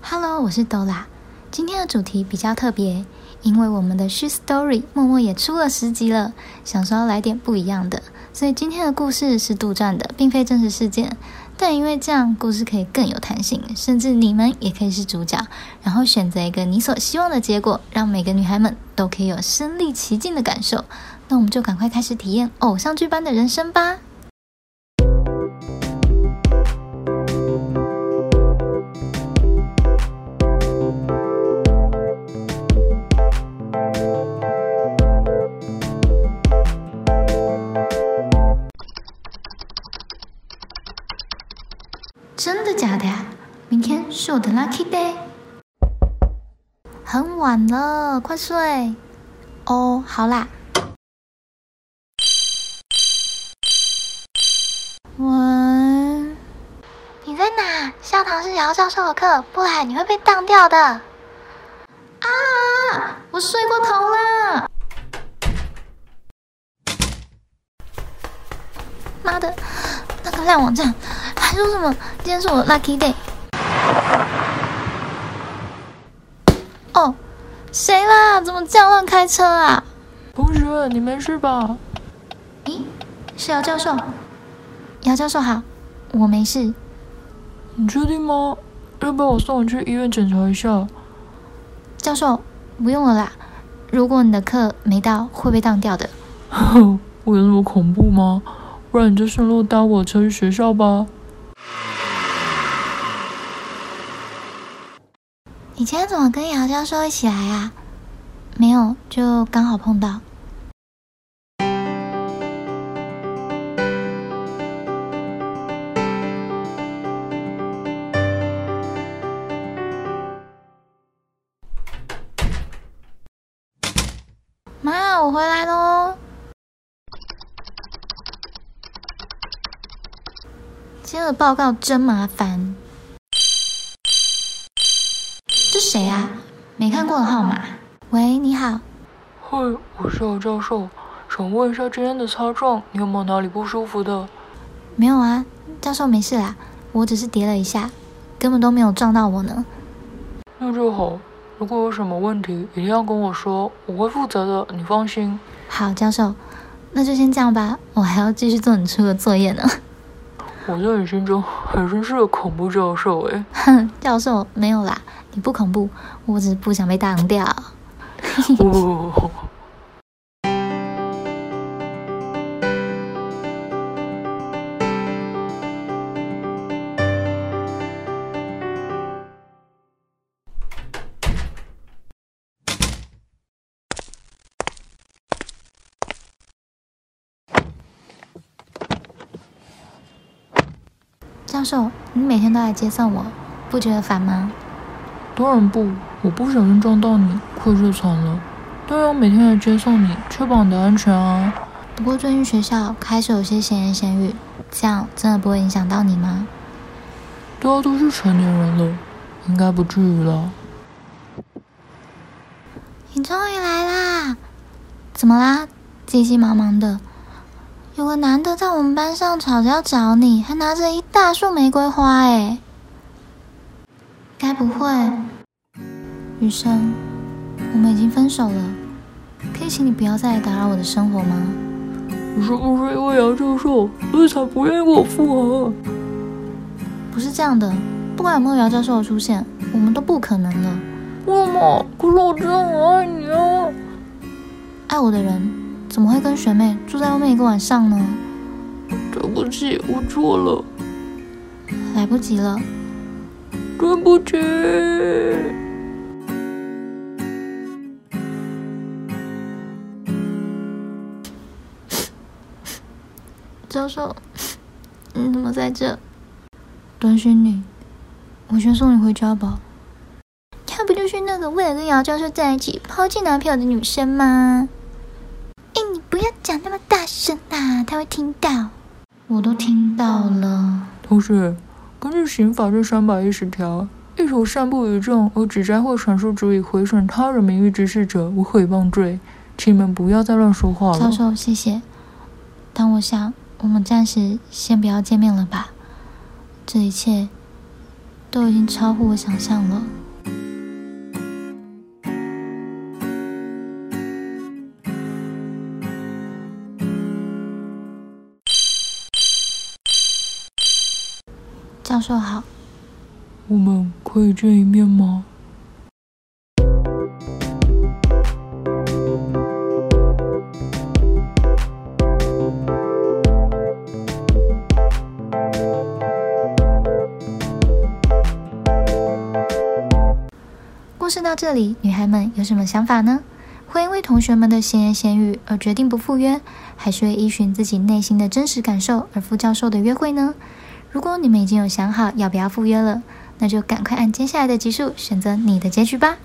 Hello，我是豆拉。今天的主題比較特別，因為我們的噓 's Story 默默也出了十集了，想說要來點不一樣的，所以今天的故事是杜撰的，並非真實事件。但因為這樣，故事可以更有彈性，甚至你們也可以是主角，然後選擇一個你所希望的結果，讓每個女孩們都可以有身臨其境的感受。那我們就趕快開始體驗偶像劇般的人生吧！是我的 lucky day。很晚了，快睡。哦、oh,，好啦。喂？你在哪？下堂是姚教授的課，不然你會被當掉的。啊！我睡過頭了。媽的，那個爛網站，還說什麼今天是我的 lucky day。哦，誰啦？怎麼這樣亂開車啊？同學，你沒事吧？咦，是姚教授。姚教授好，我沒事。你確定嗎？要不要我送你去醫院檢查一下？教授，不用了啦。如果你的課沒到，會被當掉的。呵呵，我有那麼恐怖嗎？不然你就順路搭我的車去學校吧。你今天怎麼跟姚教授一起來啊？沒有，就剛好碰到。媽，我回來咯。今天的報告真麻煩。誰呀？沒看過的號碼。喂，你好。嗨，我是老教授，想問一下今天的擦撞，你有沒有哪裡不舒服的？沒有啊，教授沒事啦，我只是跌了一下，根本都沒有撞到我呢。那就好，如果有什麼問題，一定要跟我說，我會負責的，你放心。好，教授，那就先這樣吧，我還要繼續做你出的作業呢。我在你心中還真是個恐怖教授哎！哼， 教授沒有啦，你不恐怖，我只是不想被當掉。 哦哦哦教授，你每天都來接送我，不覺得煩嗎？當然不，我不小心撞到你，愧疚慘了。當然我每天來接送你，確保你的安全啊。不過最近學校開始有些閒言閒語，這樣真的不會影響到你嗎？都要都是成年人了，應該不至於了。你終於來啦？怎麼啦？急急忙忙的。有個男的在我們班上吵着要找你，還拿着一大束玫瑰花，哎，該不會？雨生，我們已經分手了，可以請你不要再來打擾我的生活嗎？是不是因為姚教授所以才不願意跟我復合？不是這樣的，不管有沒有姚教授的出現，我們都不可能了。為什麼？可是我真的很愛你啊！愛我的人。怎麼會跟學妹住在外面一個晚上呢？對不起，我錯了。來不及了。對不起。教授，你怎麼在這？擔心你，我先送你回家吧。她不就是那個為了跟姚教授在一起拋棄男朋友的女生嗎？聽到，我都聽到了。同學，根據刑法第三百一十條，一手散布於眾而指摘或傳述足以毀損他人名譽之事者，為誹謗罪。請你們不要再亂說話了。教授，謝謝。但我想，我們暫時先不要見面了吧？這一切都已經超乎我想象了。教授好，我們可以見一面嗎？故事到這裡，女孩們有什麼想法呢？會因為同學們的閒言閒語而決定不赴約，還是會依循自己內心的真實感受而赴教授的約會呢？如果你們已經有想好要不要赴約了，那就趕快按接下來的集數選擇你的結局吧。